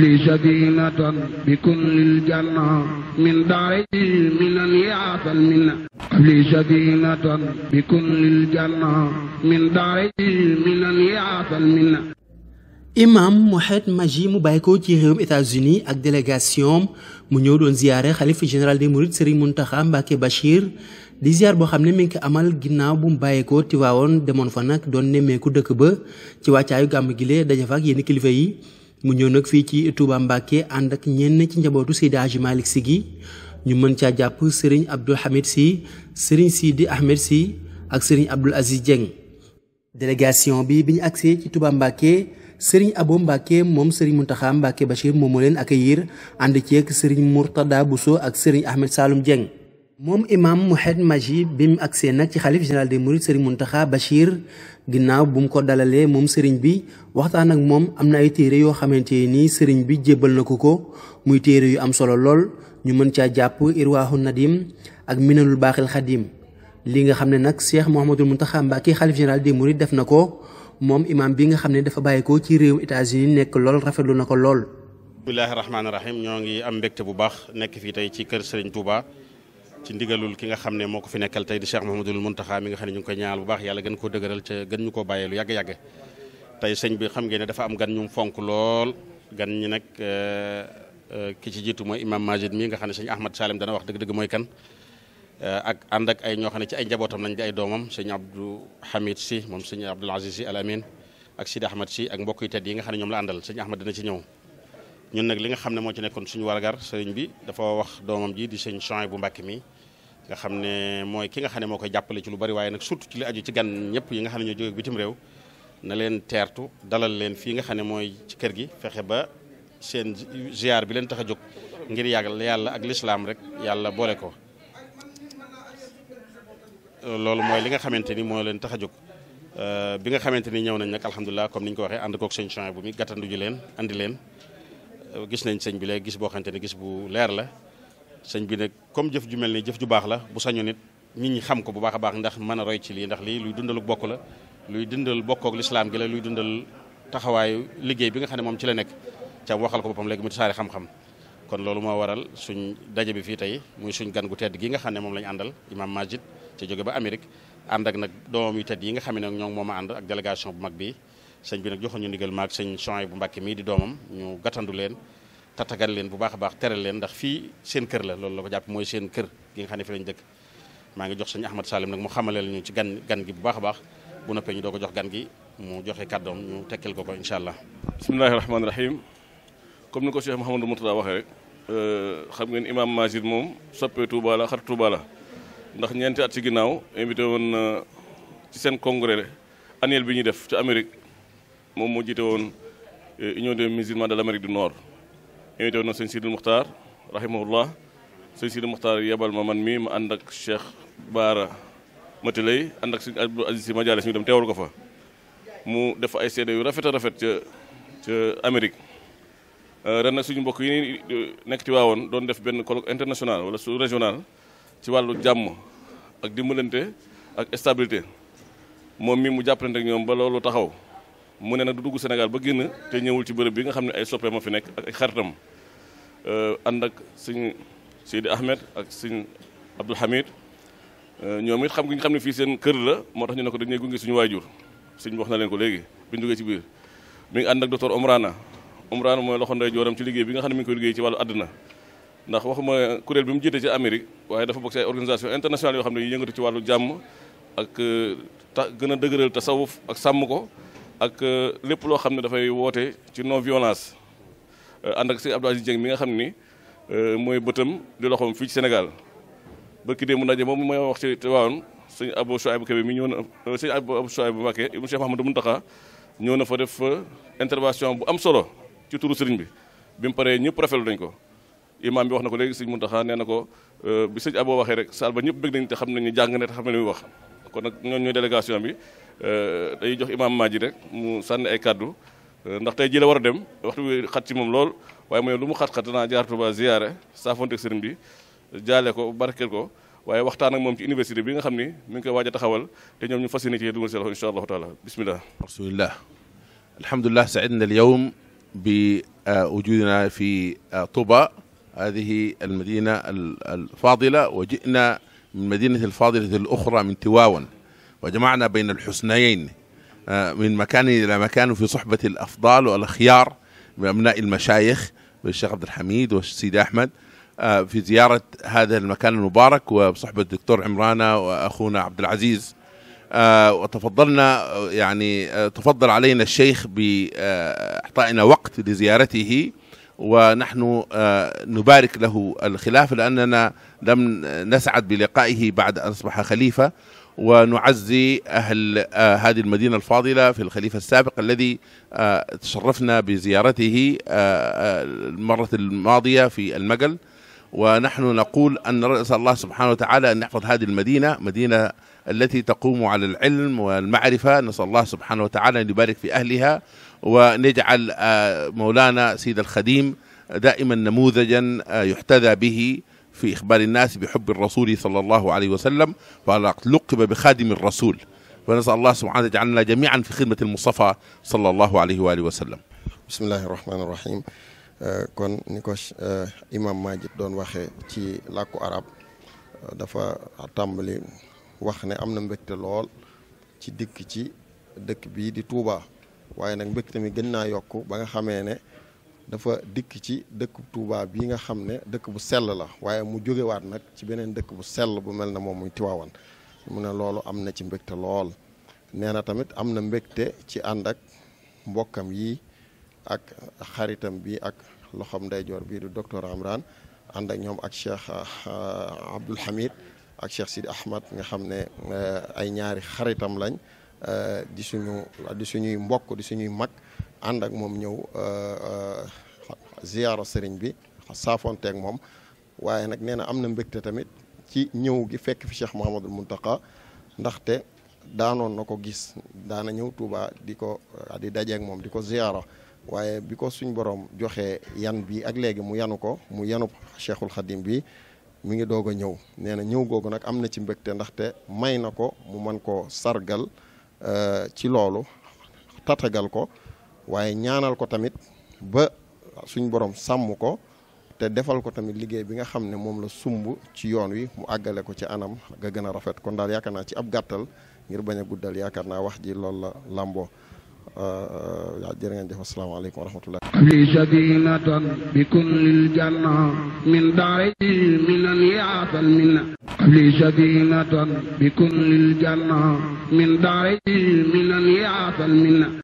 لي سكينة بكل الجنة من داري imam Mohamed Maji mu bàyyi ko ci réewum États-Unis ak délégation mu ñëw doon ziyaare xalifa général des mourides Serigne Mountakha Mbacké Bachir di ziar boo xam ne mi ngi ko amal ginnaaw bu mu bàyyi ko Tiwaawoon demoon fa nag doon nemmeeku dëkk ba ci wàccaayu gàmm gile daje fa yenn kilifa yi. mu ñëw nag fii ci Touba Mbacke ànd ak ñenn ci njabootu Seydi Hadji Malick gi ñu mën caa jàpp Serigne Abdoul Hamid Sy Serigne Sidi Ahmed si ak sëriñ Abdoul Aziz Dieng. délégation bi bi ñu agsee ci Touba Mbacke Serigne Abo Mbacke moom Serigne Mountakha Mbacke Bachir moom moo leen accueillir ànd ci ceeg Serigne Mourtada Bousso ak Serigne Ahmed Saloum Dieng. moom imam Mouhed Maji bi mu agsee nag ci xalif général des mourides Serigne Mountakha Bachir ginnaaw bu mu ko dalalee moom sëriñ bi waxtaan ak moom am na ay téere yoo xamante nii sëriñ bi jébbal na ko ko muy téere yu am solo lool ñu mën caa jàpp irwaaxu Nadim ak Minanul Baaxil Xadim li nga xam ne nag Cheikh Mouhamadul Mountakha Mbacké xalif général des mourides def na ko moom imam bi nga xam ne dafa bàyyi ko ci réew États-Unis nekk lool rafetlu na ko lool. bismillaahi rahmaani rahiim ñoo am mbégte bu baax nekk fii tey ci kër Serigne Touba. ci ndigalul ki nga xam ne moo ko fi nekkal tey di Cheikh Mouhamadoul Mountakha mi nga xam ne ñu ngi koy ñaanal bu baax yàlla gën koo dëgëral ca gën ñu koo bàyyee lu yàgg-yàgg tey sëñ bi xam ngeen ne dafa am gan ñu fonk lool gan ñi nag euh, euh, ki ci jiitu mooy imam Majid mii nga xam ne sëñ Ahmad Salim dana wax dëgg-dëgg mooy kan euh, ak ànd ak ay ñoo ne ci ay njabootam lañ di ay doomam sëñ Abdou Hamid si moom sëñ Abdoul Aziz si Al Amin ak Sidi si ak mbokk yu tedd yi nga xam ne ñoom la àndal sëñ Ahmad dina ci ñëw ñun nag li nga xam ne moo ci nekkoon suñu wargar sëriñ bi dafa wax doomam ji di sëñ Chouaïbou bu Mbàkke mi nga xam ne mooy ki nga xam ne moo koy jàppale ci lu bari waaye nag surtout ci li aju ci gan ñëpp yi nga xam ne ñoo jóge bitim réew na leen teertu dalal leen fii nga xam ne mooy ci kër gi fexe ba seen ziar bi leen tax a jóg ngir yàggal yàlla ak lislaam rek yàlla boole ko loolu mooy li nga xamante ni moo leen tax a jóg euh, bi nga xamante ni ñëw nañ nag alhamdulilah comme ni ñu ko waxee ànd koog sëñ Chouaïbou mi gàttandu ju leen andi leen euh, gis nañ sëñ bi léegi gis boo xamante ni gis bu leer la sëñ bi nag comme jëf ju mel ni jëf ju baax la bu sañu nit nit ñi xam ko bu baax a baax ndax mën a roy ci lii ndax lii luy dundalu bokk la luy dundal bokkook lislaam gi la luy dundal taxawaayu liggéey bi nga xam ne moom ci la nekk ca waxal ko boppam léegi mu tasaare xam kon loolu moo waral suñ daje bi fii tey muy suñ gan gu tedd nga xam ne moom lañu àndal imam Majid ca jóge ba Amérique ànd ak nag doom yu tedd yi nga xam ne ñoom moom a ànd ak délégation bu mag bi sëñ bi nag joxoon ñu ndigal maag sëñ Chouaïbou bu Mbàkke mii di doomam ñu gàttandu leen tatagal leen bu baax a baax teral leen ndax fii seen kër la loolu la ko jàpp mooy seen kër gi nga xam ne fi dëkk maa ngi jox sëñ Ahmad Salim nag mu xamale la ñu ci gan gan gi bu baax baax bu noppee ñu doo ko jox gan gi mu joxe kàddoom ñu tekkil ko ko incha allah bismillahi rahmaani rahim comme ni ko Cheikh Mouhamadou Mourtada waxee rek euh, xam ngeen imam Mazir moom soppee Touba la xar Touba la ndax ñeenti at ci ginnaaw invité woon na ci seen congrès annuel bi ñuy def ci Amérique moom moo jiite woon euh, Union des musulmans de l'Amérique du Nord invité woon na sëñ Sidil Muxtaar rahimahullah sëñ Sidil Muxtaar yebal ma man mii ma ànd ak Cheikh Baara Matilay ànd ak sëñ Abdou Aziz Si Majalis dem teewal ko fa mu def ay seede yu rafet rafet ca ca Amérique euh, ren suñu mbokk yi nekk ci waawoon doon def benn colloque international wala sous régional ci wàllu jàmm ak dimbalante ak stabilité moom mii mu jàppalante ak ñoom ba loolu taxaw mu ne nag du dugg Sénégal ba génn te ñëwul ci bërëb bi nga xam ne ay soppe ma fi nekk ak ay xaritam euh, ànd ak sëñ Seydi Ahmed ak sëñ Abdoul Hamid euh, ñoom it xam nga ñu xam ne fii seen kër la moo tax ñu ne ko dañuy gunge suñu waajur sëñ wax na leen ko léegi bi ci biir mi ngi ànd ak docteur Omrana Omrana mooy loxo ndey ci liggéey bi nga xam ne mi ngi koy liggéey ci wàllu àdduna ndax waxuma kuréel bi mu jiite ci Amérique waaye dafa bokk ci ay organisation internationale yoo xam ne yëngatu ci wàllu jàmm ak euh, gën a dëgëral tasawuf ak sàmm ko ak euh, lépp loo xam ne dafay woote ci non violence euh, ànd ak sëñ Abdou Aziz Dieng mi nga xam ni euh, mooy bëtam di loxoom fii ci Sénégal bërki démb ndaje moom mooy wax ci Tivaouane sëñ Abou Chouaïb Kébé mi ñëw na sëñ Abou Chouaïb Mbacké ibn Cheikh Mahamadou Mountakha ñëw na fa def intervention bu am solo ci turu sëriñ bi bi mu paree ñëpp rafetlu nañ ko imam bi wax na ko léegi sëñ Mountakha nee na ko bi sëñ Abou waxee rek saal ba ñëpp bëgg nañ te xam ñu jàng ne te xam ne muy wax kon nag ñoom ñooy délégation bi euh, day jox imaam Maaji rek mu sànni ay kàddu euh, ndax tey ji la war a dem waxtu bi xat ci moom lool waaye mooy lu mu xat-xat naa jaar Tuuba ziyaare saafonteeg sëriñ bi jaale ko barkeel ko waaye waxtaan ak moom ci université bi nga xam ni mi ngi koy waaj taxawal te ñoom ñu fas yéene ci dugal si loxo incha allahu taala bismillah rasulillah alhamdulilah saidna bi euh, wujudina fi Tuuba هذه المدينة الفاضلة وجئنا من مدينة الفاضلة الأخرى من تواون وجمعنا بين الحسنيين من مكان إلى مكان في صحبة الأفضال والأخيار بأبناء المشايخ بالشيخ عبد الحميد والسيد أحمد في زيارة هذا المكان المبارك وبصحبة الدكتور عمرانة وأخونا عبد العزيز وتفضلنا يعني تفضل علينا الشيخ بإعطائنا وقت لزيارته ونحن نبارك له الخلافة لأننا لم نسعد بلقائه بعد أن أصبح خليفة ونعزي أهل هذه المدينة الفاضلة في الخليفة السابق الذي تشرفنا بزيارته المرة الماضية في المقل ونحن نقول أن نسأل الله سبحانه وتعالى أن يحفظ هذه المدينة مدينة التي تقوم على العلم والمعرفة نسأل الله سبحانه وتعالى أن يبارك في أهلها ونجعل مولانا سيد الخديم دائما نموذجا يحتذى به في إخبار الناس بحب الرسول صلى الله عليه وسلم ولقب بخادم الرسول ونسأل الله سبحانه يجعلنا جميعا في خدمة المصطفى صلى الله عليه وآله وسلم بسم الله الرحمن الرحيم kon ni ko imam Majid doon waxee ci làkku arab dafa tàmbali wax ne am na mbégte lool ci dikk ci dëkk bii di Touba waaye nag mbégte mi gën naa yokk ba nga xamee ne dafa dikk ci dëkk Touba bii nga xam ne dëkk bu sell la waaye mu jógewaat nag ci beneen dëkk bu sell bu mel ne moom muy Tiwaawan mu ne loolu am na ci mbégte lool nee na tamit am na mbégte ci ànd ak mbokkam yi ak xaritam bi ak loxom ndeyjoor bii du docteur Amran ànd ak ñoom ak Cheikh Abdoul Hamid ak Cheikh Sidi Ahmad nga xam ne eh, ay ñaari xaritam lañ Euh, di suñu di suñuy mbokk di suñuy mag ànd ak moom ñëw euh, euh, ziyaara sëriñ bi saafonteeg moom waaye nag nee na am na mbégte tamit ci ñëw gi fekk fi Cheikh Mouhamadul Mountakha ndaxte daanoon na ko gis daana ñëw Touba di ko di dajeek moom di ko ziyaara waaye bi ko suñ borom joxee yan bi ak léegi mu yanu ko mu yanub Cheikhul Khadim bi mu ngi doog a ñëw nee na ñëw googu nag am na ci mbégte ndaxte may na ko mu mën koo sargal Euh, ci loolu tatagal ko waaye ñaanal ko tamit ba suñ boroom sàmm ko te defal ko tamit liggéey bi nga xam ne moom la sumb ci yoon wi mu àggale ko ci anam nga gën a rafet kon daal yaakaar naa ci ab gàttal ngir bañ a guddal yaakaar naa wax ji loolu la làmboo waaw euh, euh, jërë ngeen jëf asalaamaaleykum wa bi sadinatan janna min daari minan yaatal minna لي سكينة بكل الجنة من داري من يعفى المنة